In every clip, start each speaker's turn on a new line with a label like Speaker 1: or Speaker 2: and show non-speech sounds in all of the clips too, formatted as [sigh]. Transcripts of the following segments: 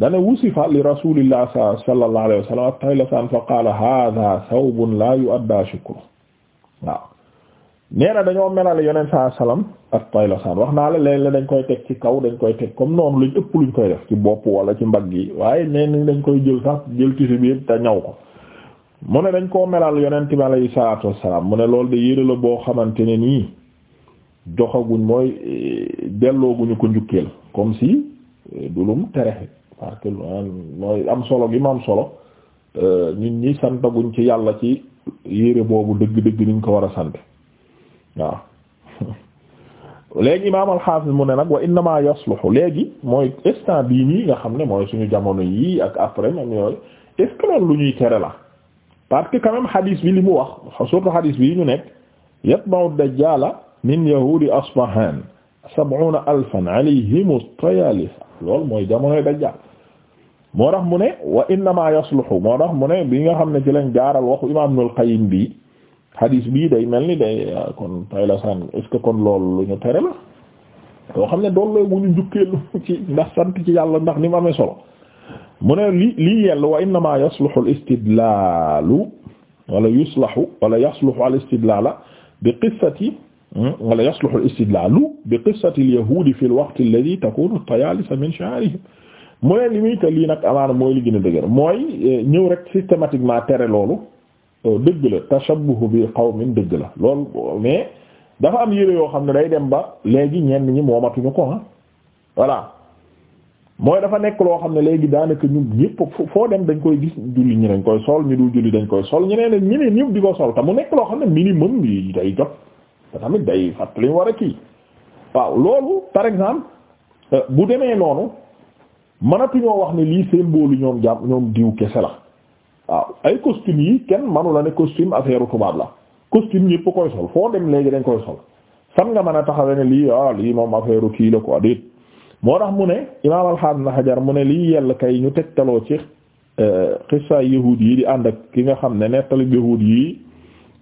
Speaker 1: dana wusifa li rasulillah sallallahu alayhi wa sallam at-taylatan fa qaala hadha thawbun la yu'adda shukru waaw nee na dañoo melale yonent saa salaam at-taylatan wax naa la léeg-léeg dañ koy teg ci kaw dañ koy teg comme noonu luñ ëpp luñ koy def ci bopp wala ci mbag yi waaye nee nañ dañ koy jël sax jël ci si biir te ñaw ko mu ne dañ koo melal yonent bi alayhi salaatu wassalaam mu ne loolu de yére la boo xamante ne nii joxaguñ mooy eh, dellooguñu ko njukkeel comme si eh, du lum tere parce euh, mooy am solo gi mu am solo ñun euh, ñi santaguñ ci yàlla ci yére boobu dëgg-dëgg niñ ko war a sant waaw [laughs] léegi imaam al-Hafiz mu ne nag wa léegi mooy instant bii nii nga xam ne mooy suñu jamono yii ak après même yooyu est lu ñuy tere la parce que quand même hadis bi li mu wax surtout hadis bi ñu nekk yatba'u ad-dajjala min yahudi Asfahan sab'una alfan alayhimu at-tayalisa loolu mooy jamonoy dajjal moo tax mu ne wa innama yasluhu moo tax ne bi nga xam ne ci lañ jaaral waxu imam Ibnul Qayyim bi hadis bii day mel ni day ah, kon tay la kon lool lu tere la loo xam ne doolloy mu ñu njukkeelu [laughs] ci ndax sant ci yàlla ndax ni mu amee solo mu ne li lii yell wa innama yasluhu al istidlalu wala yuslahu wala yasluhu al istidlala bi qissati hmm, wala yasluhu al istidlalu bi qissati al fi al waqt alladhi takunu at-tayalisa mu ne li muy te lii nag amaana mooy li gën a dëgër mooy eh, ñëw rek systématiquement tere loolu euh, dëgg la tashabbuh bi qawmin dëgg la lool mais dafa am yére yoo xam ne day dem ba léegi ñenn ñi moomatuñu ko ah voilà mooy dafa nekk loo xam ne léegi daanaka ñu ñëpp foo dem dañ koy gis julli ñi dañ koy sol ñu dul julli dañ koy sol ñeneen ne ñeneen ñëpp di ko sol te mu nekk loo xam ne minimum bi day jot te tamit day fàttali war a kii waaw loolu par exemple euh, bu demee noonu. mënatuñoo wax ne lii symbole ñoom jàpp ñoom diw kese la waaw ay costume yi kenn manu la ne costume affaire tubaab la costume ñëpp koy sol foo dem léegi dañ koy sol fan nga mën a taxawee ne lii ah lii moom affaire kii la ko déet moo tax mu ne imaam alxaam na xajar mu ne lii yell kay ñu tegtaloo ci euh, xisaay yahuud yi di ànd ak ki nga xam ne nettali yahuud yi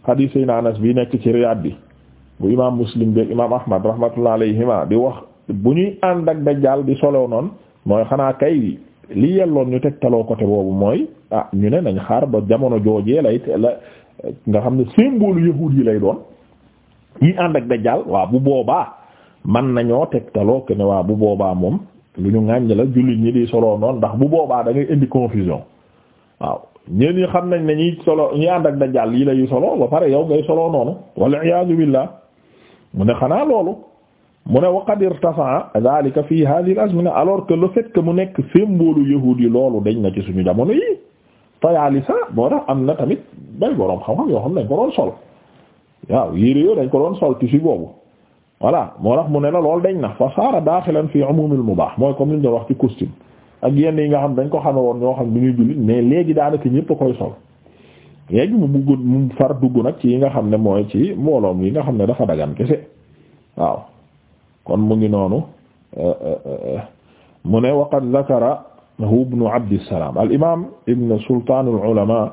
Speaker 1: xadiis yi na Anas bi nekk ci Riyaad bi bu imaam Muslim bi imaam Ahmad rahmatullah alayhima di wax bu ñuy ànd ak dajjaal di solo noonu mooy xanaa kay li yelloon ñu teg taloo côté boobu mooy ah ñu ne nañ xaar ba jamono joojee lay la nga xam ne symbole yahuud yi lay doon yi ànd ak dajjal waa bu boobaa man nañoo teg taloo ne waa bu boobaa moom lu ñu ŋàññ la jullit ñi di soloo noon ndax bu boobaa da ngay indi confusion waaw ñeen ñi xam nañ ne ñi solo ñi ànd ak dajjal yi lay solo ba pare yow ngay soloo noonu wal iyaazu billah mu ne xanaa loolu mu ne waqad irtafa zalika fi hadhihi al-azmina alors que le fait que mu nekk symbole yahuud yi loolu dañ na ci suñu jamono yi tayaalisa moo tax am na tamit bay boroom xam-xam yoo xam ne dañ ko doon sol waaw yére yoo dañ ko doon sol tissu boobu voilà moo tax mu ne la loolu dañ na fa saara daaxilan fi umumil mubah mooy comme li ñu doon wax ci costume ak yenn yi nga xam dañ ko xame woon ñoo xam ne ñuy jullit mais léegi daanaka ñépp a koy sol léegi mu bugg mu far dugg nag ci yi nga xam ne mooy ci mbooloom yi nga xam ne dafa dagan kese waaw kon mu ngi noonu euh, euh, euh, mu ne waqad zakara ibnu abdissalaam al imaam ibn sultaanul ulamaa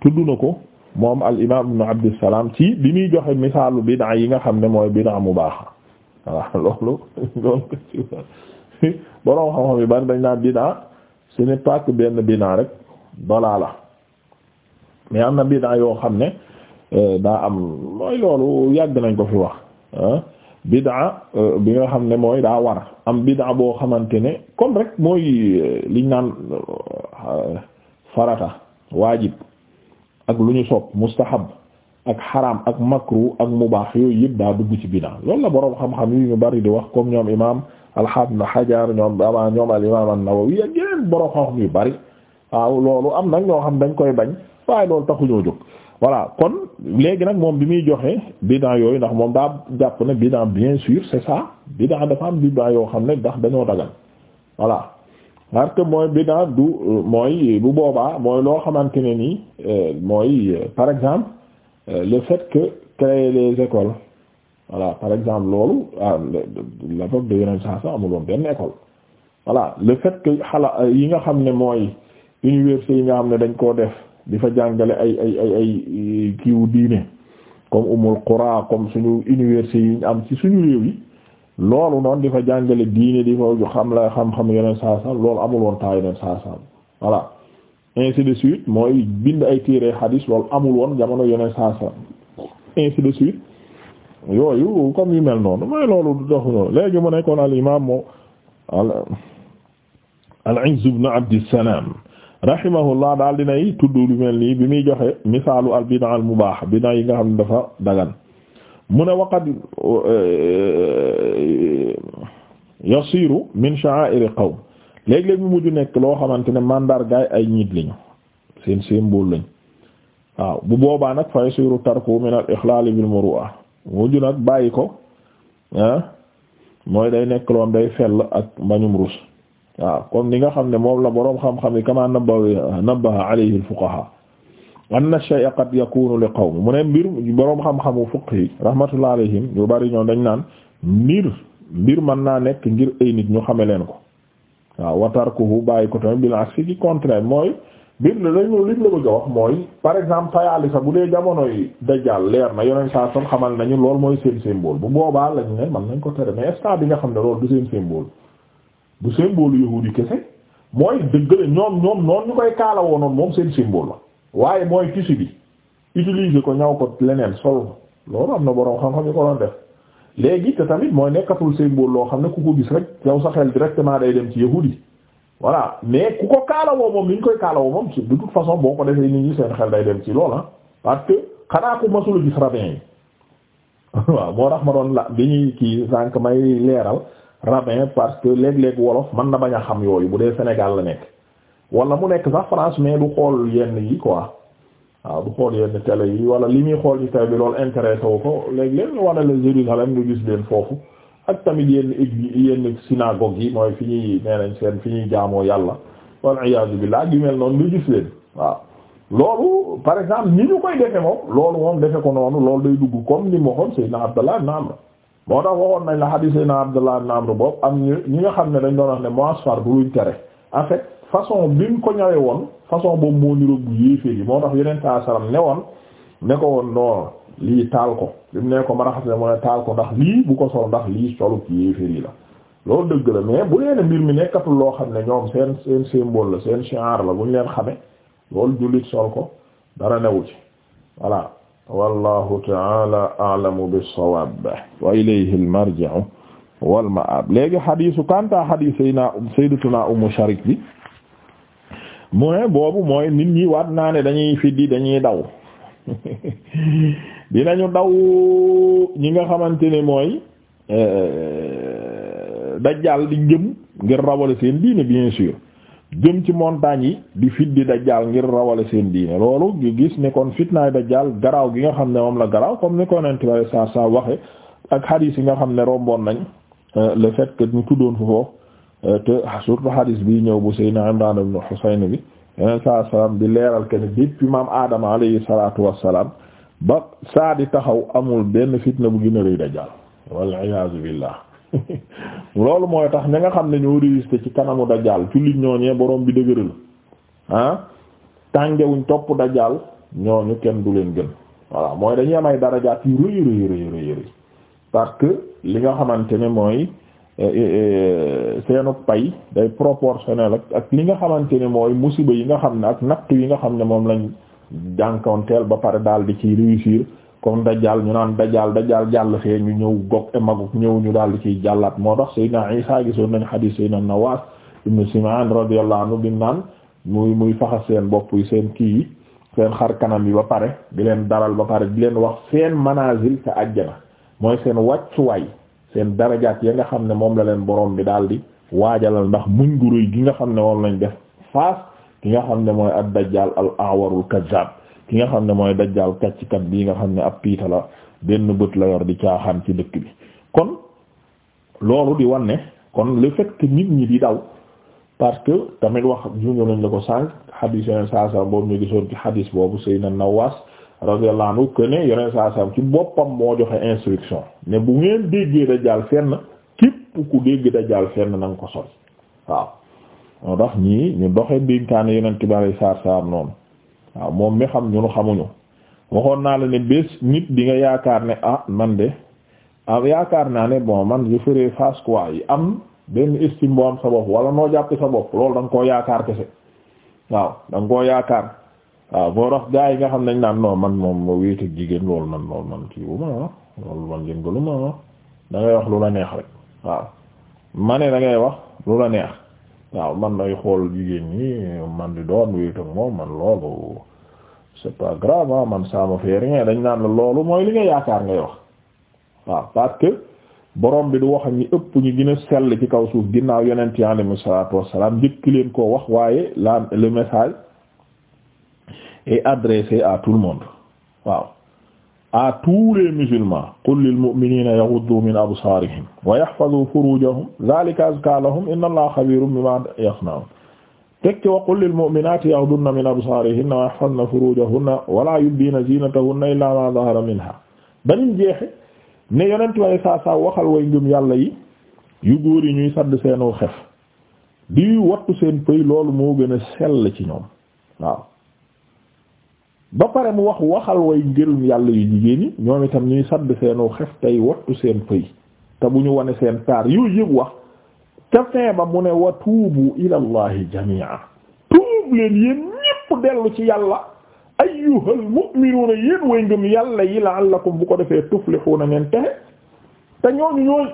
Speaker 1: tudd na ko moom al imaam ibnu abdissalaam ci bi muy joxe misaalu bid'a yi nga xam ne mooy bid'a mubaaha voilà [laughs] loolu loolu borom xam-xam bari dañ naan bid'a ce n'est pas que benn bid'a rek balaa la mais bid'a yoo xam ne daa am mooy loolu yàgg nañ ko fi wax bid'a euh, bi nga xam ne mooy daa war am bid'a boo xamante ne comme rek mooy euh, liñ naan euh, farata waajib ak lu ñu sopp mustahab ak xaraam ak makru ak mubaax yooyu yëpp daa dugg ci bid'a loolu la boroom xam-xam yi ñu bari di wax comme ñoom imaam al-Hafiz Hajar ñoom amaa ah, ñoom al imaam an-Nawawi ak yeneen boroom xam-xam yu bari waaw loolu am nag ñoo xam dañ koy bañ waaye loolu taxu taxuñoo jóg voilà kon léegi nag moom bi muy joxee bidan yooyu ndax moom daa jàpp ne bidan bien sûr c'est ça bidan dafa am bidan yoo xam ne ndax dañoo dagal voilà parce que mooy bidan du mooy bu boobaa mooy loo xamante ne nii euh, mooy euh, par exemple euh, le fait que créer des écoles voilà par exemple loolu ah la boog de yeneen saa sax amuloon benn école voilà le fait que xala yi nga xam ne mooy université yi nga xam ne dañ koo def di fa jàngale ay ay ay ay kiiwu diine comme umul qura comme suñu université yi ñu am ci suñu réew yi loolu noonu di fa jàngale diine di fa xam la xam-xam yeneen saa saa loolu amul woon temps yeneen saa saa voilà ainsi de suite mooy bind ay téere hadis loolu amul woon jamono yeneen saa saa ainsi de suite yooyu comme yu mel noonu mooy loolu doxuñoo léegi mu nekkoon al imaam al Izz ibn Abdissalaam rahimahullah daal dinay tudd lu mel nii bi muy joxe misaalu al bida al mubaax bida yi nga xam ne dafa dagan mu ne waqad eh, yasiru min sha'a'ir qawm léeg-léeg mu mujj nekk loo xamante ne mandargaay ay ñit lañu seen symbole lañ waaw bu boobaa nag fa yasiru tarku min al ixlaal bil muru'a mujj nag bàyyi ko ah, mooy day nekk loom day fell ak mbañum rus waaw comme li nga xam ne moom la boroom xam-xam yi kama na nabbaha alayhi al-fuqaha anna shay'a qad yakunu li qawm mu ne mbir boroom xam-xamu fuqh yi rahmatullah alayhim yu bari ñoom dañ naan mbir mbir mën naa nekk ngir ay nit ñu xame leen ko waaw watarkuhu bàyyi ko tamit bil aksi ci contraire mooy mbir la dañu liñ la bëgg wax mooy par exemple tayaali sa bu dee jamonoy dajjal leer na yoneen saa son xamal nañu lool mooy seen symbole bu boobaa lañ ne mën nañ ko tere mais instant bi nga xam ne loolu du seen du symbole yahuudi kese mooy dëgg la ñoom ñoom noonu ñu koy kaala woonoon moom seen symbole la waaye mooy tissu bi utiliser ko ñaw ko leneen sol loolu am na boroom xam-xam yu ko doon def léegi te tamit mooy nekkatul symbole loo xam ne ku ko gis rek yow sa xel directement day dem ci yahuudi voilà mais ku ko kaalawoo moom li ñu koy kaalawoo moom de toute façon boo ko defee nit ñi seen xel day dem ci loola ah parce que xanaa ku masula gis rabbin yi [laughs] waaw ma doon la bi ñuy kii sànq rabbin parce que léeg-léeg wolof mën na bañ a xam yooyu bu dee Sénégal la nekk wala mu nekk sax France mais du xool yenn yi quoi waaw du xool yenn télé yi wala li muy xool ci télé bi loolu intéressé wu ko léeg-léeg wala la Jérusalem ñu gis leen foofu ak tamit yenn église yenn synagogue yi mooy fi ñuy nee nañ seen fi ñuy jaamoo yàlla wal iyaadu billaah yu mel noonu ñu gis leen waaw loolu par exemple ni ñu koy defe moom loolu moom defe ko noonu loolu day dugg comme ni ma waxoon moo tax waxoon nañ la hadise na Abdullah ibn Amr boobu am ñu ñi nga xam ne dañ doon wax ne moisfar du luñ tere en façon bi mu ko ñëwee woon façon boobu moo niroog bu yéeféer yi moo tax yeneen saa saram ne woon ne ko woon noonu lii taal ko bi mu ne ko ma a xam ne mu ne taal ko ndax lii bu ko sol ndax lii solu yéeféer yi la loolu dëgg la mais bu leen mbir mi nekkatul loo xam ne ñoom seen seen symbole la seen shi'ar la bu ñu leen xame loolu jullit sol ko dara newu ci voilà wallahu taala a'lamu bis-sawaab wa ilayhi al-marji'u wal ma'aab léegi xadiisu kanta xadiis sayna naa Ummu Sharik bi mu ne boobu mooy nit ñi waat naa ne dañuy fiddi dañuy daw [laughs] dinañu daw ñi nga xamante ne mooy eh, dajjaal di jëm ngir rawale seen diine bien sûr jëm ci montagnes yi di fiddi dajjaal ngir rawale seen diine loolu gi gis ne kon fitnaay dajjaal garaaw gi nga xam ne moom la garaaw comme ni ko nenti saa saa waxe ak hadith yi nga xam ne romboon nañ euh, le fait que ñu tuddoon foofu euh, te surtout hadith bi ñëw bu Seydina Imran ibn Husayn bi yeneen saa salaam di leeral que ne depuis maam Adama alayhi salaatu wassalaam ba saa di taxaw amul benn fitna bu gën a rëy dajjaal iyaazu billah loolu mooy tax ña nga xam ne ñoo résister ci kanamu dajjaal jullit ñooñee boroom bi dëgëral ah tàngewuñ topp dajaal dajjaal ñooñu kenn du leen gën waaw mooy dañuy am ay darajaat yu rëy rëy rëy rëy rëy parce que li nga xamante ne mooy eh, eh, eh, seenu pay day proportionnel ak li nga xamante ne mooy musiba yi nga xam ne ak nattu yi nga xam ne moom lañ jànkoonteel ba pare daal di ciy réussir comme dajjal ñu naan dajjal dajjal jàll fee ñu ñëw gog e maguk ñëw ñu daal di ciy jàllaat moo tax Seydina Isa gisoon nañ hadith Seydina Nawaas ibn Simaan radiyallahu anhu bi naan muy muy faxas seen bopp yu seen kii yi seen xar kanam yi ba pare di leen daral ba pare di leen wax seen manazil ca àjjana mooy seen wàccuwaay seen darajaat ya nga xam ne moom la leen borom bi daal di waajalal ndax muñ gu gi nga xam ne moom lañ def face ki nga xam ne mooy ad-dajjal al-a'warul kazzab ki nga xam ne mooy dajjaal kàcckat bii nga xam ne ab piita benn bët la yor di caaxaan ci dëkk bi kon loolu di wan kon le fait nit ñi di daw parce que tamit wax junjoon nañ la ko sànq xadiis yeneen saa saa boobu ñu gisoon ci xadiis boobu Seydina Nawaas radiyallahu anhu que ne yeneen saa saa ci boppam moo joxe instruction ne bu ngeen déggee dajjaal fenn képp ku dégg dajjaal fenn na nga ko sol waaw. moo tax ñii ñu doxe dénkaane yeneen tubaab yi saa saa noonu. waaw moom mi xam ñunu xamuñu waxoon naa la ne bés nit di nga yaakaar ne ah man de ah yaakaar naa ne bon man je ferai face quoi yi am benn estime boo am sa bopp wala noo jàpp sa bopp loolu da koo yaakaar kese waaw da nga koo yaakaar waaw boo tax gaa yi nga xam nañ naan non man moom moo wéet ak jigéen loolu man loolu man kii wu ma ah loolu man yëngalu ma ah da ngay wax lu la neex rek waaw ma ne wax lu la neex. waaw man nay xool jigéen ñi man di doon wéet ak moom man loolu c'est pas grave ah, man ça me fait rien dañ naan la loolu mooy li nga yaakaar ngay wax waaw parce boroom borom bi du wax ñi ëpp ñu gën a sell ci kaw suuf ginnaaw yonent yi alayhimu salaatu wassalaam njëkk leen koo wax waaye la le message est à tout le monde waaw à tous les musulmans qul lil mu'minina yaghuddu min absarihim wa yahfazu furujahum dhalika azka lahum inna allaha khabirun bima yasna'un tekki wa qul lil mu'minati yaghdudna min absarihinna wa yahfazna furujahunna wa la yubdina zinatahunna illa ma dhahara minha banim jeexe ne yonent way saa saa waxal way ngëm yàlla yi yu góor yi ñuy sadd seenoo xef di wattu seen pëy loolu moo gën a sell ci ñoom waaw ba pare mu wax waxal way ngërum yàlla yu jigéen ñi ñoom itam ñuy sadd seenu xef tey wattu seen fëy te bu ñu wane seen taar yooyu yëpp wax ca fin ba mu ne wa tuubu ila allahi jamia tuub leen yéen ñépp dellu ci yàlla ayyuhal mu'minuuna yéen way ngëm yàlla yi la'allakum bu ko defee tuflihuuna ngeen texe te ñooñu ñooñ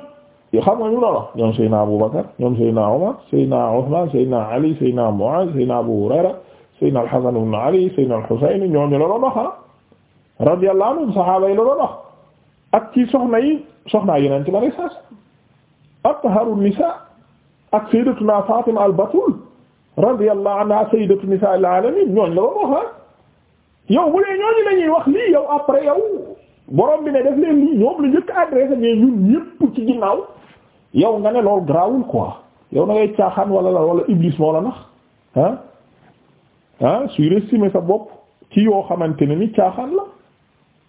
Speaker 1: xam nga ñu doon ñoom Seydina Abu Bakar ñoom Seydina Umar Seydina Usman Seydina Ali Abu Hurayra Seydina al-Hasan ibn Ali Seydina la doon wax ah, la doon ak ci soxna yi soxnaa yeneen ci la rek sax atharu ak sayyidatuna Fatima al-Batul al-alamin ñooñu la doon wax ah yow bu dee ñooñu la ñuy wax lii yow après yow borom bi ne def leen la njëkk adressé mais ñun ñépp ci ginnaaw yow nga ne loolu garaawul quoi yow na ngay caaxaan wala wala iblis moo nax ah. ah surestimer sa bopp ci yoo xamante ne ni caaxaan la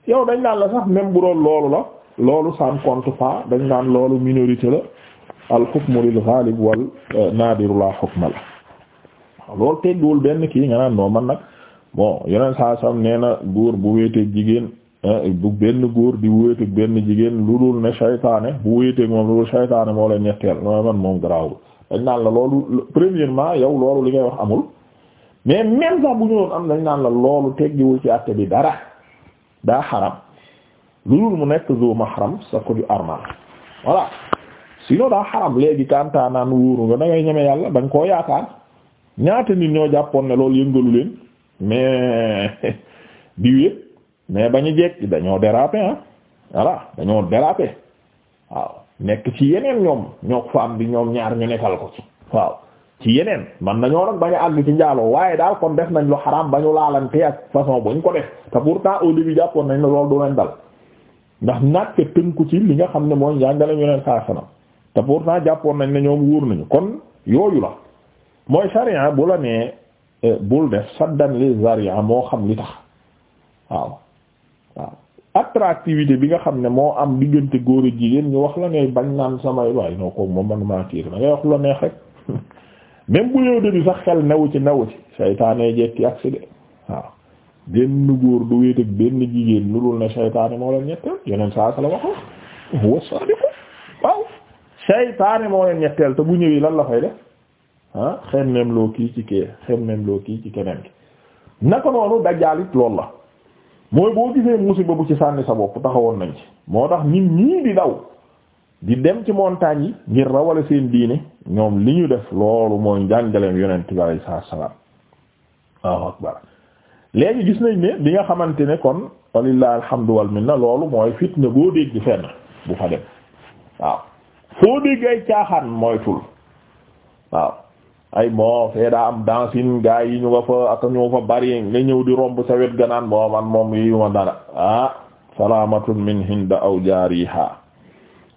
Speaker 1: yow dañ naan la sax même bu doon loolu la loolu ça ne compte pas dañ naan loolu minorité la al hukmu lil ghalib wal euh, nadiru la hukma la benn kii nga naan noo man nag bon yeneen saa sam nee góor bu wéeteeg jigéen euh, bu benn góor di wéeteeg benn jigéen lu dul ne saytaane bu wéeteeg moom lu dul saytaane moo leen ñetteel noo man moom garaawul dañ naan la loolu premièrement yow loolu li ngay wax amul mais même bu ñu doon am dañ naan la loolu teggiwul ci àtte bi dara daa xaram lu dul mu nekk zoo mahram sa ko armal voilà sinon daa xaram léegi kantaa naan wóoru nga dangay ngay ñeme yàlla da koo yaakaar ñaata nit ñoo jàppoon ne loolu yëngalu leen mais [laughs] diw yëpp mais bañu jekk dañoo déraper ah voilà dañoo déraper waaw nekk ci yeneen ñoom ñoo ko am bi ñoom ñaar ñu nekkal ko ci waaw ci yeneen man nañoo nag bañ a àgg ci njaaloo waaye daal kon def nañ lu xaraam bañu laalante ak façon buñ ko def te pourtant au début jàppoon nañ ne loolu du leen dal ndax naajte tënku ci li nga xam ne mooy njàngale ñu leen saa sanam te pourtant jàppoon nañ ne ñoom wóor nañu kon yooyu la mooy sharia bu la nee eh, bul def saddan li zaria moo xam li tax waaw waaw attractivité bi nga xam ne moo am diggante góor a jigéen ñu wax la ngay bañ naan samay waay noo ko moom man maa neex rek [laughs] même bu yëw bi sax xel newu ci newu ci saytaane jekki accident waaw benn góor du wéet ak benn jigéen lu dul ne saytaane moo leen ñetteel yeneen sa la waxoon huwa waaw saytaane moo leen ñetteel te bu ñëwee lan la fay def ah xemmeem loo kii ci kee xemmeem loo kii ci keneen ki naka noonu dajaalit lool la mooy boo gisee musiba bu ci sànni sa bopp taxawoon nañ ci moo tax nit ñii di daw di dem ci montagne yi ngir rawale seen diine ñoom li ñu def loolu mooy njàngaleem yonent bi alayhi salaam waaw akbar léegi gis nañ ne bi nga xamante ne kon walillahi alhamdu wal minna loolu mooy fitna boo dégg fenn bu fa dem waaw foo dégg ay caaxaan moytul waaw ay moo fee am dansin gaa yi ñu nga fa ak ñu fa bari nga ñëw di romb sa wet ganaan boo man moom yi ma dara ah min hinda aw jaariha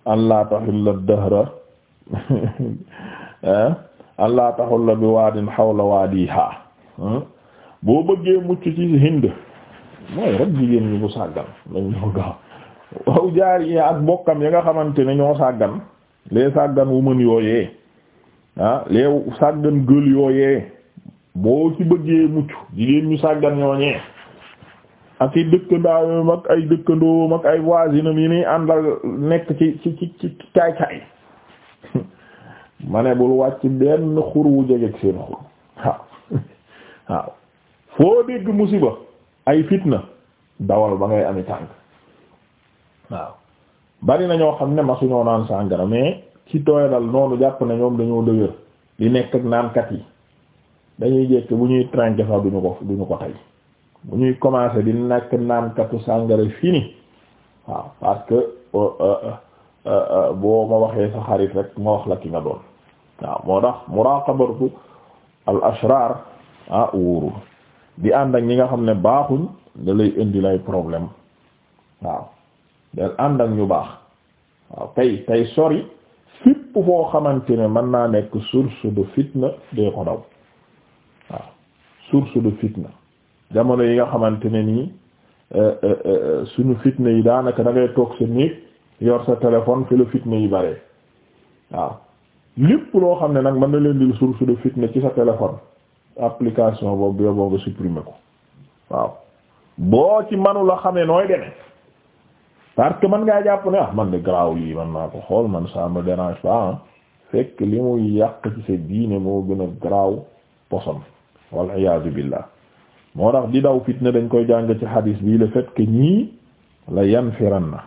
Speaker 1: an laa taxulla dahra ah, an laa taxulla bi waadin xawla waadiha hmm? boo bëggee mucc ci hind mooy rek jigéen ñi bu sàggan lañ ñoo gaaw waaw jaar yi ak bokkam ya nga xamante ne ñoo sàggan les sàggan wu mën yooyee ah les sàggan gël yooyee boo ci bëggee mucc jigéen ñu sàggan ñooñee ak i dëkkandaayam ak ay dëkkandoom ak ay waasinam yi ni àndal nekk ci ci ci ci caay caay [laughs] ma ne bul wàcc benn xur wu jegeeg seen xur waaw [laughs] waaw foo dégg musiba ay fitna dawal ba ngay ami tànk waaw bari na ñoo xam ne ma suñoo naan sàngara mais ci doyadal noonu jàpp na ñoom dañoo dëgër di nekk ak naankat yi dañuy jekk bu ñuy trinquer sax duñu ko duñu ko tey bu ñuy commencer di nekk naankatu sàngara fini waaw parce que euh, euh, euh, boo ma waxee sa xarit rek ma wax la ki nga doon waaw moo tax muraqabatu al ashrar ah di ànd ak ñi nga xam ne baaxuñ da lay indi lay problème waaw del ànd ak ñu baax waaw tey tey sori fépp foo xamante ne mën naa nekk source de fitna dee ko daw waaw source de fitna jamono yi nga xamante ne nii eh, eh, eh, suñu fitna yi daanaka dangay ngay toog sa néeg yor sa téléphone fi la fitna yi bare waaw lépp loo xam ne nag mën na leen di source de fitna ci sa téléphone application boobu yoboo nga supprimer ko waaw boo ci manu la xamee nooy deme parce que man ngaa jàpp ne ah man de garaaw lii man naa ko xool man ça me dérange fekk li muy yàq ci sa diine moo gën a garaaw poson wal iyaazu billah moo tax di daw fitna dañ koy jàng ci hadis bi le fait que ñii la yanfiranna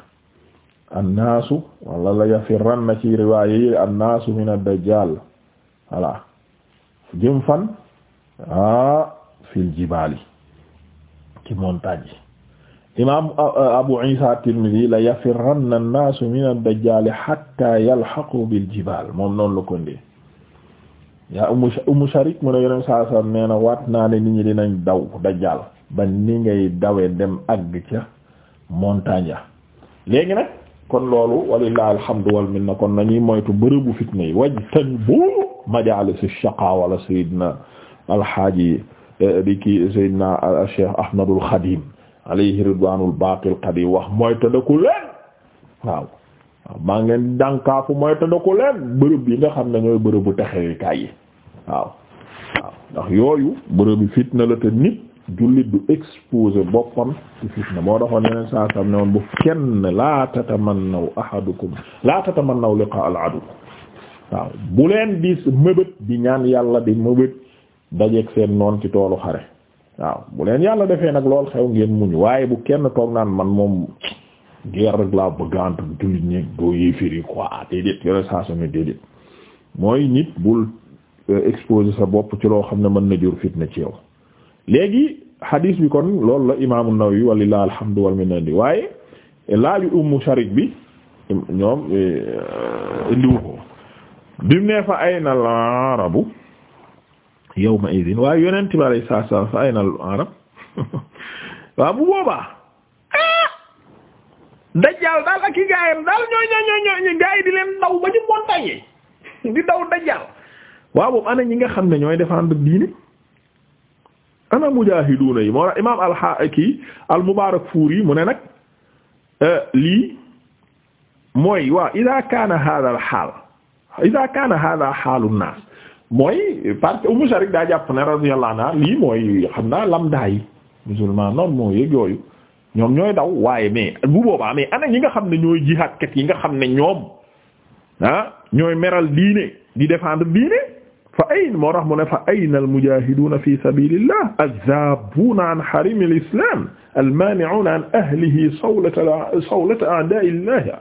Speaker 1: annaasu la yafiranna ci riwaaya yi min ad-dajjal voilà jëm fan ah fil jibaali ci imam Abu Isa at-Tirmidhi la yafiranna annaasu min ad-dajjal hatta yalhaqu bil jibaal moom noonu la ko ndee yaa umu umu sharik mu ne yeneen saa saa nee na waat naa ne nit ñi dinañ daw dajjaal ba ni ngay dawee dem àgg ca montagne ya léegi nag kon loolu walillahi alhamdu wal kon nañuy moytu bërëbu fitna yi waj tañ bu majalis ash-shaqa wala sayyidina alhaaji eh, di ki sayyidina cheikh ahmadul khadim alayhi ridwanul baqil qadim wax moyta ndaku leen waaw waaw maa ngeen dànkaafu mooy te da bërëb yi nga xam ne ñooy bërëbu texewekaay yi waaw waaw ndax yooyu bërëbu fitna la te nit jullit du exposer boppam ci fitna moo taxoon yeneen saa sam ne woon bu kenn laa tatamannaw ahadukum laa tatamannaw liqa al adu waaw bu leen di mëbët di ñaan yàlla di mëbët dajeek seen noon ci toolu xare waaw bu leen yàlla defee nag lool xew ngeen muñ waaye bu kenn toog naan man moom guerre rek laa bëgg jullit ñi doo yéeféer yi quoi déedéet yore saa su ne déedéet mooy nit bul euh, exposer sa bopp ci loo xam ne mën na jur fitna ci yow léegi hadith bi kon loolu la imaamu Nawawi walilah alhamdu wal minna di bi ñoom euh, indiwu ko bi mu ne fa ayna al arabu yawma idin waaye yonent bi alayhi salaatu wa salaam fa ayna arab [laughs] waaw bu boobaa dajjaal daal ak i gaayam daal ñoo ñoo ñoo ñoo gaay di leen daw ba ci montagne yi di daw dajjaal waaw boobu ana ñi nga xam ne ñooy défendre diine ana mujaahiduuna yi moo tax imaam alxaaki almubaarakfuuri mu ne nag eh, lii mooy waa idaa kaana haadaa alxaal idaa kaana haadaa xaalu naas mooy parce que Umm Sharik daa jàpp ne radiyallahu anha lii mooy xam naa lamdaay musulman noonu moo yëg yooyu ñoom ñooy daw waaye mais bu boobaa mais ana ñi nga xam ne ñooy jihaadkat yi nga xam ne ñoom ah, ñooy meral diine di défendre diine fa ayn moo tax mu ne fa ayna al mujahiduna fi sabilillah an harim al islam al mani'una an ahlihi sawlata sawlata a'da'i llah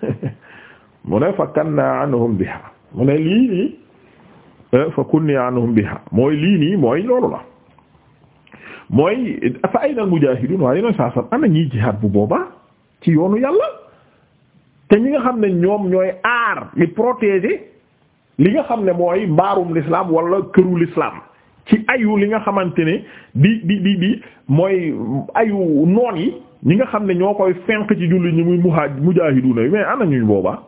Speaker 1: [laughs] mu ne fa kanna anhum biha mu ne lii nii eh, fa kunni anhum biha mooy lii nii la mooy ay aynal mujaahiduun waaye yeneen saa sax ana ñiy jihaad bu boobaa ci yoonu yàlla te ñi nga xam ne ñoom ñooy aar li protéger li nga xam ne mooy mbaarum l'islam wala këru lislaam ci ayu li nga xamante ne di di di di mooy ayu noon yi ñi nga xam ne ñoo koy fenq ci julli ñu muy muhaaj mujaahiduuna mais ana ñuñ boobaa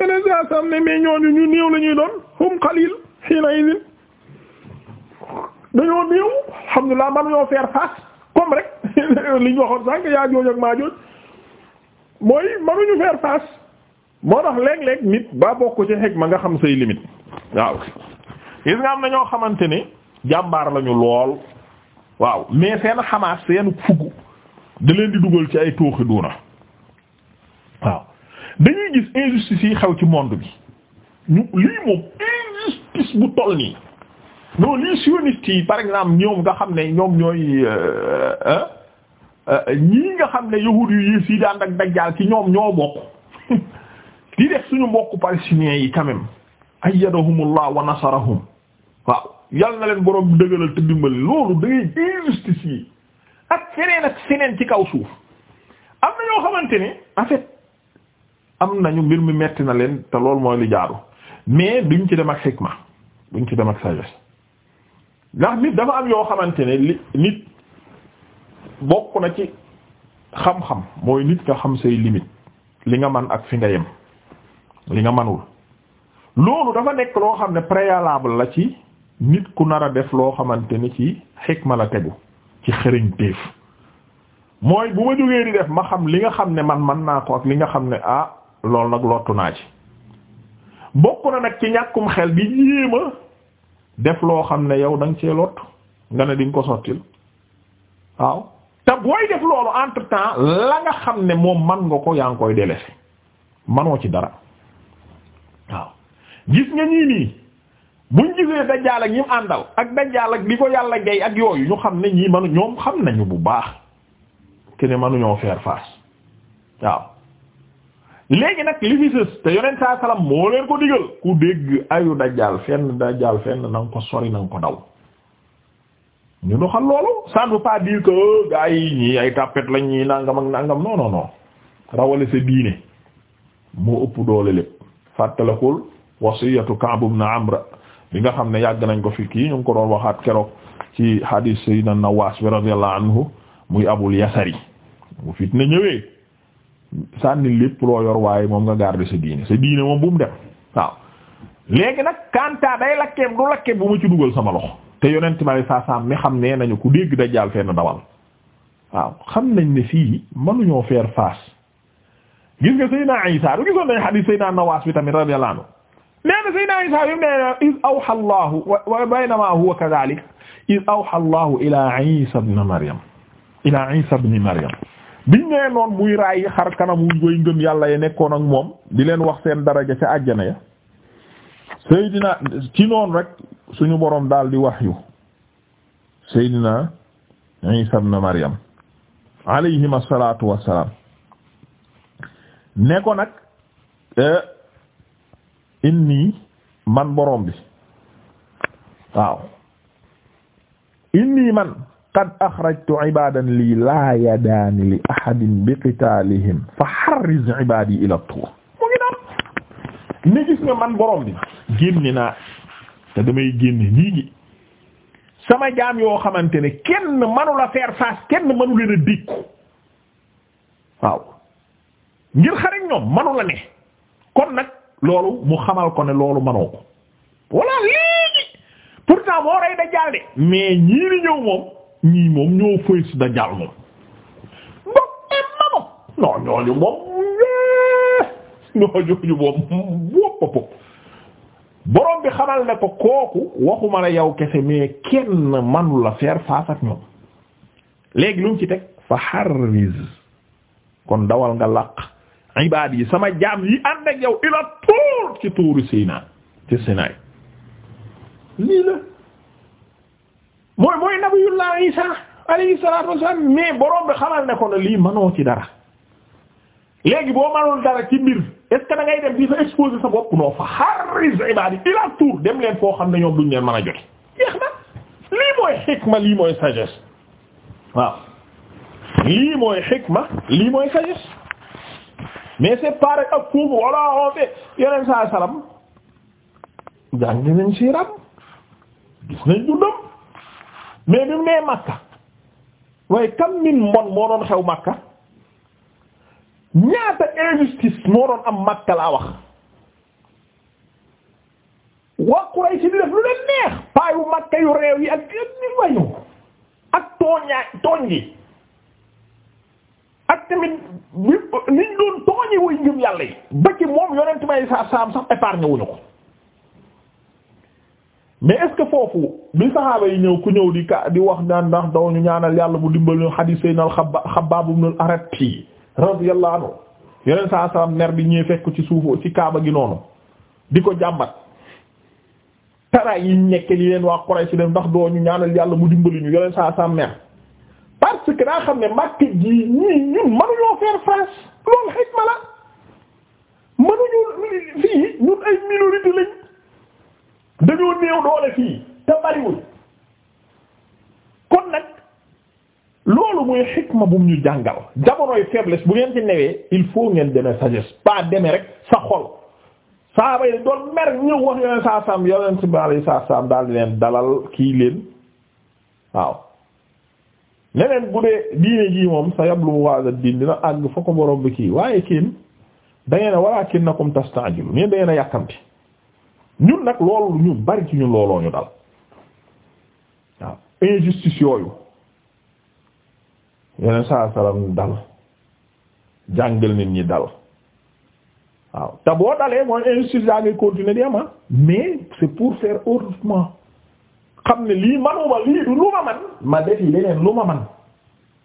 Speaker 1: yeneen saa sax ne mais ñooñu ñu néew la ñuy doon hum qalil hiina idin dañoo néew alhamdulilah man ñoo faire face comme rek [laughs] li ñu waxoon sànq yaa jooj ak maa jooj mooy manuñu faire face moo tax léeg-léeg nit ba bokk ci xeg ma nga xam say limite waaw gis nga am na ñoo xamante ni jàmbaar lañu lool waaw mais seen xamaas seen fugg da leen di dugal ci ay tooxi duuna waaw dañuy gis injustice yi xew ci monde bi ñu lii moom injustice bu toll nii non les sionistes yi par exemple ñoom nga xam ne ñoom ñooy euh, euh, ñii nga xam ne yahuud yu yées yi daan ak dajjaal ci ñoom ñoo bokk [laughs] di def suñu mbokku palestiniens yi quand même ayyadahumullah wa nasarahum waaw yal na leen borom dëgëral te dimbal loolu da ngay injustice yi ak feneen ak feneen ci kaw suuf am na ñoo xamante ne en fait am nañu mbir mi metti na leen te loolu mooy li jaaru mais duñ ci dem ak hikma duñ ci dem ak sagesse ndax nit dafa am yoo xamante ne li nit bokk na ci xam-xam mooy nit nga xam say limite li nga man ak fi nga yem li nga manul loolu dafa nekk loo xam ne préalable la ci nit ku nar a def loo xamante ni ci xikma la tegu ci xëriñteef mooy bu ma jógee di def ma xam li nga xam ne man man naa ko ak li nga xam ne ah loolu nag lottu naa ci bokk na nag ci ñàkkum xel bi yéema def loo xam ne yow da nga cee lot nga ne di nga ko sottil waaw te booy def loolu entre la nga xam ne moom man nga ko yaa ngi koy délaissé manoo ci dara waaw gis nga ñii nii buñ gisee dajjaal ak ñi mu àndal ak dajjaal ak li ko yàlla gay ak yooyu ñu xam ne ñii manu ñoom xam nañu bu baax te ne manuñoo faire face waaw léegi nag li fi sës te yonent saa salaam moo leen ko digal ku dégg ayu dajjaal fenn dajjaal fenn na ko sori na ko daw ñu doxal loolu ça ne pas dire que gars yi ay tapet lañ ñii nàngam ak nangam non non non rawale sa diine moo ëpp doole lépp fàttalakul wasiyatu Ka'b ibn Amr bi nga xam ne yàgg nañ ko fi kii ñu ngi ko doon waxaat keroog ci hadith Sayyidina Nawaas bi radiyallahu anhu muy Abul Yasari bu fitna ñëwee. sànni lépp loo yor waaye moom nga garder sa diine sa diine moom bu mu dem waaw léegi nag kanta day lakkeem du bu ma ci dugal sama loxo te yonent ma saa saa mi xam nee nañu ku dégg dajjaal fenn dawal waaw xam nañ ne fii ma faire face gis nga Seydina Isa du gisoon nañ xadiis Seydina Nawaas bi tamit radiyallahu anhu na Isa yu nee iz awha Allahu wa baynama huwa kadhalik iz awha ila Isa ibn Maryam Isa biñ nee noon muy raay xar kanamu goy ngëm yàlla ya nekkoon ak moom di leen wax seen daraja ca àjjana ya Seydina ci noonu rek suñu boroom daal di wax yu Seydina Isa ibn Maryam alayhim asalaatu wassalaam ne ko nag eh, inni man boroom bi waaw inni man qad axrajtu ibadan lii laa yadaani li ahadin bi qitalihim fa harriz ibadi ila tuur mu ngi doon ni gis nga man borom bi génne naa te damay génne léegi sama jaam yoo xamante ne kenn manu la faire face kenn manu leen a dékku waaw ngir xarit ñoom manu la ne kon nag loolu mu xamal ko ne loolu manoo ko walla léegi pourtant moo rey da jàll de mais ñii ni ñëw moom ñii moom ñoo fëy si da moom mbokk em na moom ñooñu moom ñooñu moom woppa pop bi xamal ne ko kooku waxuma la yow kese mais kenn manu la faire face ñoom léegi lu mu ci teg fa harriz kon dawal nga làq ibaad yi sama jaam yi ànd ak yow ila tuur ci tuuru Sina ci Sinaay lii la mooy mooy nabiyullah isa alayhi salaatu wasallam mais borom bi xamal ne ko lii mënoo ci dara léegi boo mënoon dara ci mbir est ce que da dem di fa exposer sa bopp noo fa harris ibadi ila tour leen foo xam ne ñoom duñ leen mën a jot jeex na lii mooy xikma lii mooy sagesse waaw lii mooy xikma lii mooy sagesse mais c'est ak foofu wala on fait yeneen saa salaam jàng nañ siiraam gis nañ dundam mais bi mu nee Makka waaye kam min mbon moo doon xew Makka ñaata injustice moo doon am Makka laa wax waa Quraysh di def lu leen neex paayu Makka yu réew yi ak ni wayu ak tooñaa tooñ gi ak tamit niñ doon tooñi way ngëm yàlla yi ba ci moom yonent may sa saam sax épargne wuñu ko mais est foofu bi saxaaba yi ñëw ku ñëw di ka di wax naan ndax daw ñu ñaanal yàlla bu dimbal ñu xadiis seen al xaba Xabbaab ibn al-Aratti radiyallahu anhu yeneen saa mer bi ñuy fekk ci suufu ci kaaba gi noonu di ko jàmbat tara yi nekk li leen waa Quraysh dem ndax doo ñu ñaanal yàlla mu dimbali ñu yeneen saa salaam mer parce que daa xam ne Makka gi ñun mënuñoo faire face loolu xikma la mënuñu fii ñun ay minorité lañ. dañoo néew doole fii te bariwul kon nag loolu mooy xikma bu mu ñu jàngal jamonoy faiblesse bu ngeen ci newee il faut ngeen demee sagesse pas demee rek sa xol saaba yi doon mer ñëw wax yoneen saa saam yoneen si baalay saa saam daal di leen dalal kii leen waaw leneen bu dee diine jii moom sa yablu waasa diin dina àgg fa ko borom bi kii waaye kéen da ngeen a walaa kin nakum tasta'jilu neen da a yàkkamti ñun nag loolu ñu bari ci ñun looloo ñu dal waaw injustice yooyu yeneen saa salaam dal jàngal nit ñi dal waaw te boo dalee mooy injustice yaa ngi continuer di ama mais c'est pour faire autrement xam ne lii manuma lii du lu ma man ma def yi leneen lu ma man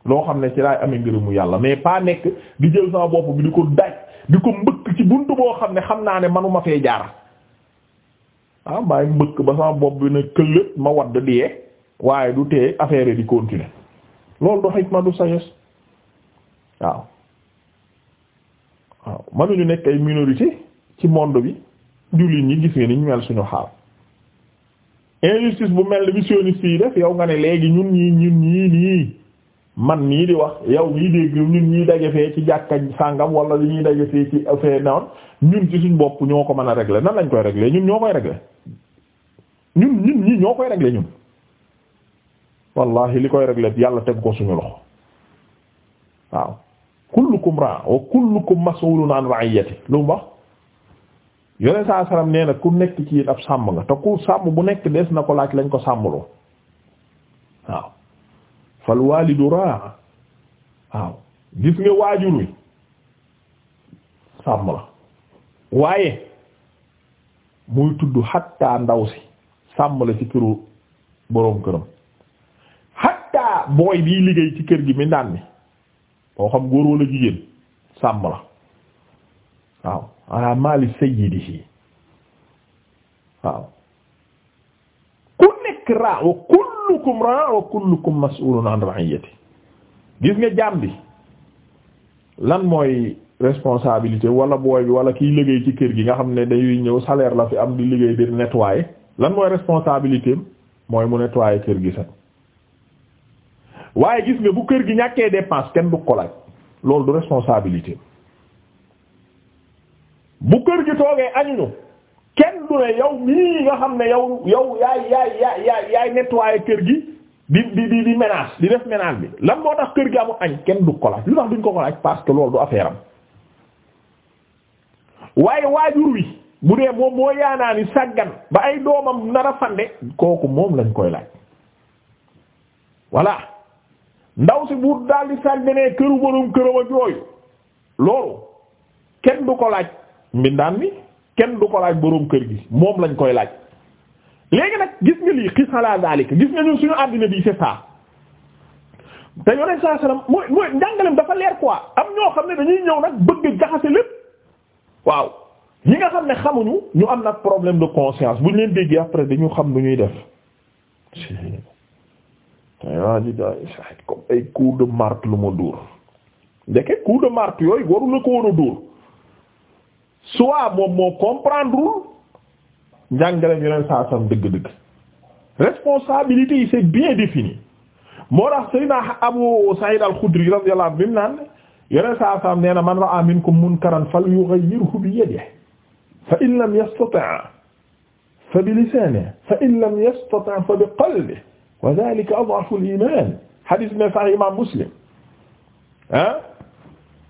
Speaker 1: loo xam ne ci laay amee ngërëmu yàlla mais pas nekk di jël sama bopp bi di ko daj di ko mbëkk ci buntu boo xam ne xam naa ne manuma fee jaar ah maa ngi mbëkk ba sama bopp bi ne këllët ma wadd diyee waaye du tee affaire di continuer loolu du xikma du sagesse waaw waaw mënuñu nekk ay minorité ci monde bi jullit ñi gis nga ni ñu mel suñu xaal injustice bu mel ni missionniste yi def yow nga ne léegi ñun ñii ñun ñii nii man nii di wax yaw ñii dégg ñun ñii daje fee ci jàkka sàngam wala li ñuy daje fee ci affaire noonu ñun ci suñ bopp ñoo ko mën a régler nan lañ koy régler ñun ñoo koy régler ñun ñun ñii ñoo koy régler ñun wallahi li koy régler yàlla teg ko suñu loxo waaw kullukum ra wa kullukum mas'ulun an ra'iyati lu mu wax ku nekk ci ab sàmm sàmm bu nekk des na ko laaj lañ ko sàmmloo waaw fal walidu raa waaw gis nga waajur wi sàmm la waaye muy tudd xatta ndaw si sàmm la ci këru boroom këram hatta booy bii liggéey ci kër gi mi ndaan mi boo xam góor walla jigéen sàmm la waaw ala mali sayyidihi waaw ku nekk ra wa kullukum ra wa kullukum mas'ulun an ra'iyati gis nga jaam lan mooy responsabilité wala booy bi wala kiy liggéey ci kër gi nga xam ne dañuy ñëw salaire la fi am di liggéey di nettoyer lan mooy responsabilité am mooy mu nettoyer kër gi sax waaye gis nga bu kër gi ñàkkee dépense kenn du ko laaj loolu du responsabilité bu kër gi toogee añuñu kenn du ne yow mii nga xam ne yow yow yaay yaay yaay yaay yaay kër gi di di di di ménage di def ménage bi lan moo tax kër gi amul añ kenn du ko laaj lu tax duñ ko ko parce que loolu du affaire waaye waajur wi bu dee moom moo yaanaani sàggan ba ay doomam nar a fande kooku moom lañ koy laaj voilà ndaw si bu daal di sàgganee këru borom këram ak yooyu loolu kenn du ko laaj mbindaan mi kenn du ko laaj borom kër gi moom lañ koy laaj léegi nag gis nga lii xis ala zalika gis nga ñun suñu àddina bi c'est ça te yoneen saa salaam mooy mooy njàngalem dafa leer quoi am ñoo xam ne dañuy ñëw nag bëgg jaxase lépp waaw ñi nga xam ne xamuñu ñu am nag problème de conscience ñu leen déggee après dañu xam lu ñuy def tay waa ji daay sax comme ay coup de marteau lu ma dóor ndeke coup de marteau yooyu waru ko woon a dóor soit moom moo comprendrewul njàngale ñu leen saa sam dëgg-dëgg responsabilité yi c'est bien défini moo tax Seydina Abu Saïd al-Khudri radiyallahu anhu bi mu naan yeneen saa sam nee na man ra'a minkum munkaran falyughayyirhu bi yadihi fa in lam yastati' fa bi lisaanihi fa in lam yastati' fa bi qalbihi wa dhaalika ad'afu al-iimaan hadiis ne sax imaam Muslim ah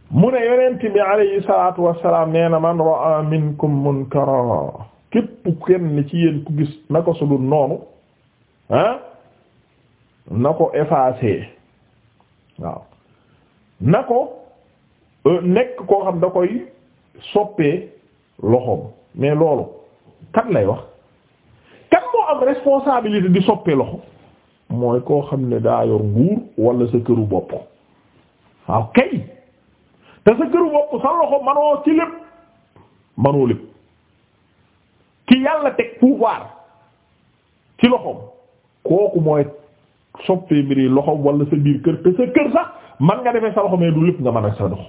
Speaker 1: mu ne yonent bi alayhi salaatu wa salaam nee na man ra'a minkum munkaran képp kenn ci yéen ku gis na ko sudul noonu ah na ko effacé waaw na ko euh, nekk koo xam da koy soppee loxoom mais loolu kat lay wax kan moo am responsabilité di soppee loxo mooy koo xam ne daa yor nguur wala sa këru bopp waaw kay te sa këru bopp sa loxo manoo ci lépp manoo lépp ki yàlla teg pouvoir ci loxoom kooku mooy soppee mbiri loxoom wala sa biir kër te sa kër sax man nga defee sa loxo du lépp nga mën a sa dox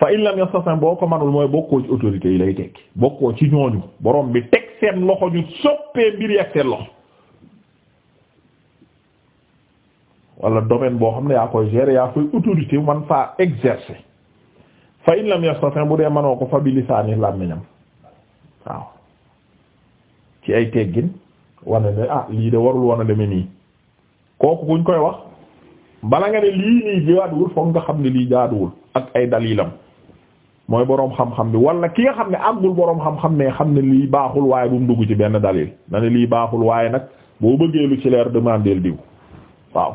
Speaker 1: fa in lam yastasa boo ko manul mooy bokkoo ci autorité yi lay tekki bokkoo ci ñooñu borom bi teg seen loxo ñu soppee mbir yi ak seen loxo wala domaine boo xam ne yaa koy gérer yaa koy autorité man faa exercer fa in lam yastasa bu dee manoo ko fa bi lisaani làmmiñam waaw ci ay teggin wane ne ah lii de warul wane deme nii kooku kuñ koy wax bala nga ne lii nii jaaduwul foog nga xam ne lii jaaduwul ak ay dalilam mooy boroom xam-xam bi wala ki nga xam ne àggul boroom xam-xam ne xam ne lii baaxul waaye bu mu dugg ci benn dalil na ne lii baaxul waaye nag boo bëggee lu ci leer demandeel diw waaw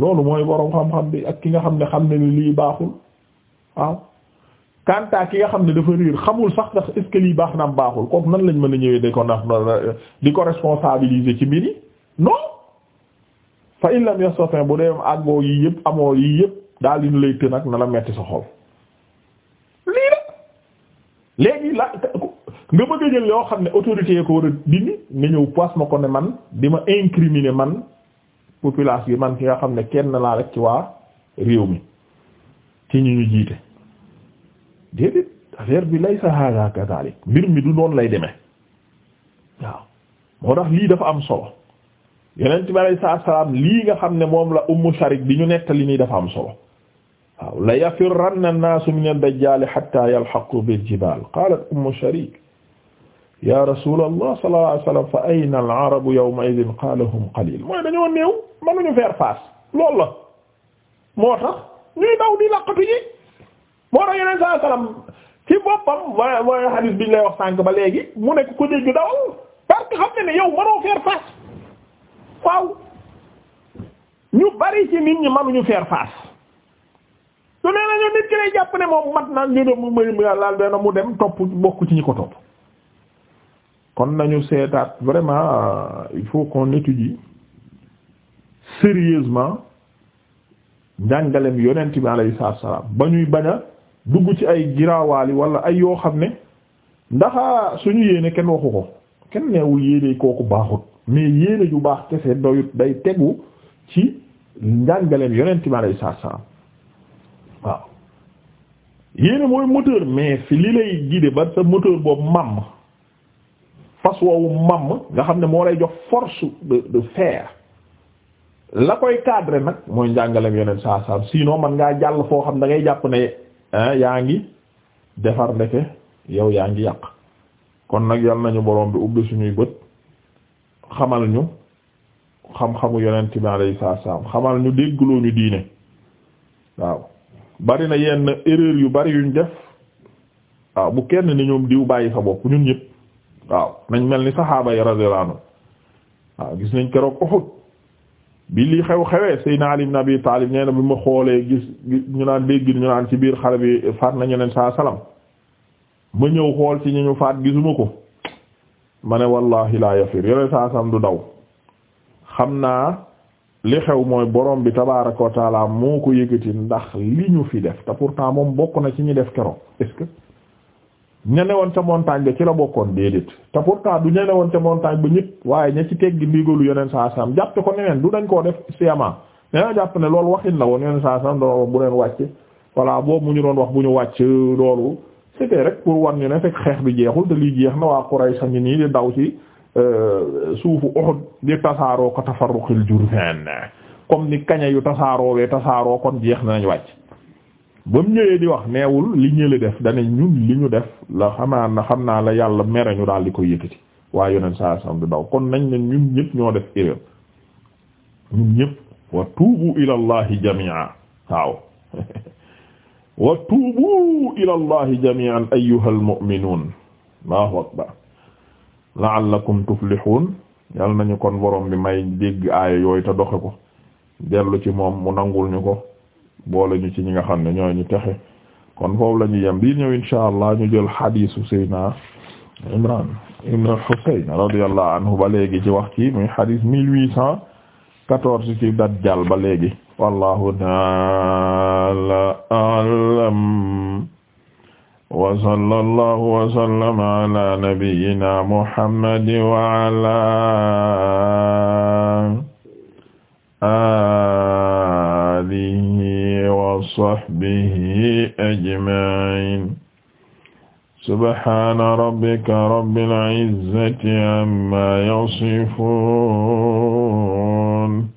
Speaker 1: loolu mooy boroom xam-xam bi ak ki nga xam ne xam ne lii baaxul waaw kanta ki nga xam ne dafa réer xamul sax ndax est lii baax na am baaxul kooku nan lañ mën a ñëwee di ko ndax di ko responsabiliser ci mbir yi non fa in lam yastati bu dee àggoo yi yëpp amoo yi yëpp daal dina lay tën ak léegi la nga bëgg jël yoo xam ne autorité ko war a dindi nga ñëw pois ma ko ne man di ma incriminer man population bi man ki nga xam ne kenn laa rek ci waa réew mi ci ñu ñu jiite déedéet affaire bi lay sa hada kadalik mbir mi du noonu lay demee waaw moo tax lii dafa am solo yeneen bi sa salaam lii nga xam ne moom la Ummu Sharik bi ñu nekk li nii dafa am solo waaw la yafirranna an-naasu mina ad-dajjaali hattaa yalhaqu bil-jibaal qaalat ummu Shariik yaa rasuulallah sallallahu alayhi wa sallam fa ayna al-arabu yawma'idhin qaala hum qaliil mooy dañoo néew mënuñu faire face loolu la moo tax ñuy daw di laqatu ji moo tax yeneen saa salaam ci boppam mooy mooy hadith bi ñu lay wax sànq ba léegi mu nekk ku dégg dawal parce que xam ne ne yow mënoo faire face waaw ñu bari ci nit ñi mënuñu faire face. su nee na nga nit ki lay jàpp ne moom mat na ñu dem mu laal dana mu dem topp bokk ci ñi ko topp kon nañu seetaat vraiment il faut qu'on étudie sérieusement njàngalem yonent bi alayhi salaam ba ñuy bañ a dugg ci ay giraawaali wala ay yoo xam ne ndax suñu yéene kenn waxu ko kenn neewul yéene kooku baaxut mais yéene ju baax kese doyut day tegu ci njàngalem yonent bi alayhi salaam waaw yéene mooy moteur mais fi li lay guider ba sa moteur boobu mamm fas woowu mamm nga xam ne moo lay jox force de de fer la koy cadrer nag mooy njàngalem yeneen saa saa man ngaa jàll foo xam da ngay jàpp ne yaa ngi defar ndeke yow yaa ngi yàq kon nag yal nañu boroom bi ubbi suñuy bët xamal ñu xam-xamu yonent bi alayhi salaam xamal ñu déggloo ñu diine waaw bari na yenn erreur yu bari yuñ def waaw bu kenn ni ñoom diw bàyyi sa bopp ñun ñëpp waaw nañ mel ni saxaaba yi radiyallahu anhu waaw gis nañ keroog Uhud bi li xew xewee Seydina Ali ibn Abi Talib bi ma xoolee gis ñu naan dégg ñu naan ci biir xare bi faat nañu leen saa salaam ma ñëw xool ci ñu ñu faat gisuma ko ma ne wallahi laa yafir yeneen saa salaam du daw xam naa. li xew mooy borom bi tabaaraka wa moo ko yëkkati ndax li ñu fi def te pourtant moom bokk na ci ñi def keroog est que ña ne woon ca montagne ba ci la bokkoon déedéet te pourtant du ña ne woon ca montagne ba ñëpp waaye ña ci teggi ndigalu yeneen saa saam jàppe ko neneen du dañ koo def siamaa ña jàpp ne loolu waxin la woon yeneen saa saam doon bu leen wàcc voilà boobu mu ñu doon wax bu ñu wàcc loolu c'était rek pour wan ñu ne fekk xeex bi jeexul te lii jeex na waa Quraysh ñi nii daw ci Euh, suufu Uhud di tasaaroo ko tafarruqil jurfan comme ni kaña yu tasaaroo wee tasaaroo kon jeex nañ wàcc ba mu ñëwee di wax neewul li ñële def dana ñun li ñu def la xamaan na xam naa la yàlla mere ñu daal di ko yëkkati waaye yoneen saa sam du daw kon nañ ne ñun ñëpp ñoo def erreur ñun ñëpp wa tuubu ila allahi waaw [laughs] wa tuubu ila allahi jami'an ayyuhal mu'minun allahu akbar la'allakum tuflihun yal nañu kon borom bi may dégg aaya yooyu te doxe ko dellu ci moom mu nangul ñu ko boole ñu ci ñi nga xam ne ñooy ñu texe kon foofu la ñuy yem bii ñëw insha allah ñu jël xadiisu Seydina Imran ibn Husayn radiyallahu ba léegi ci wax ci muy xadiis mille huit cent quatorze ci Dajjal ba léegi wallahu ta'ala a'lam wa sallallahu wa sallama ala nabiyyina muhammad wa ala alihi wa sahbihi ajma'in subhana rabbika rabbil izzati amma yasifun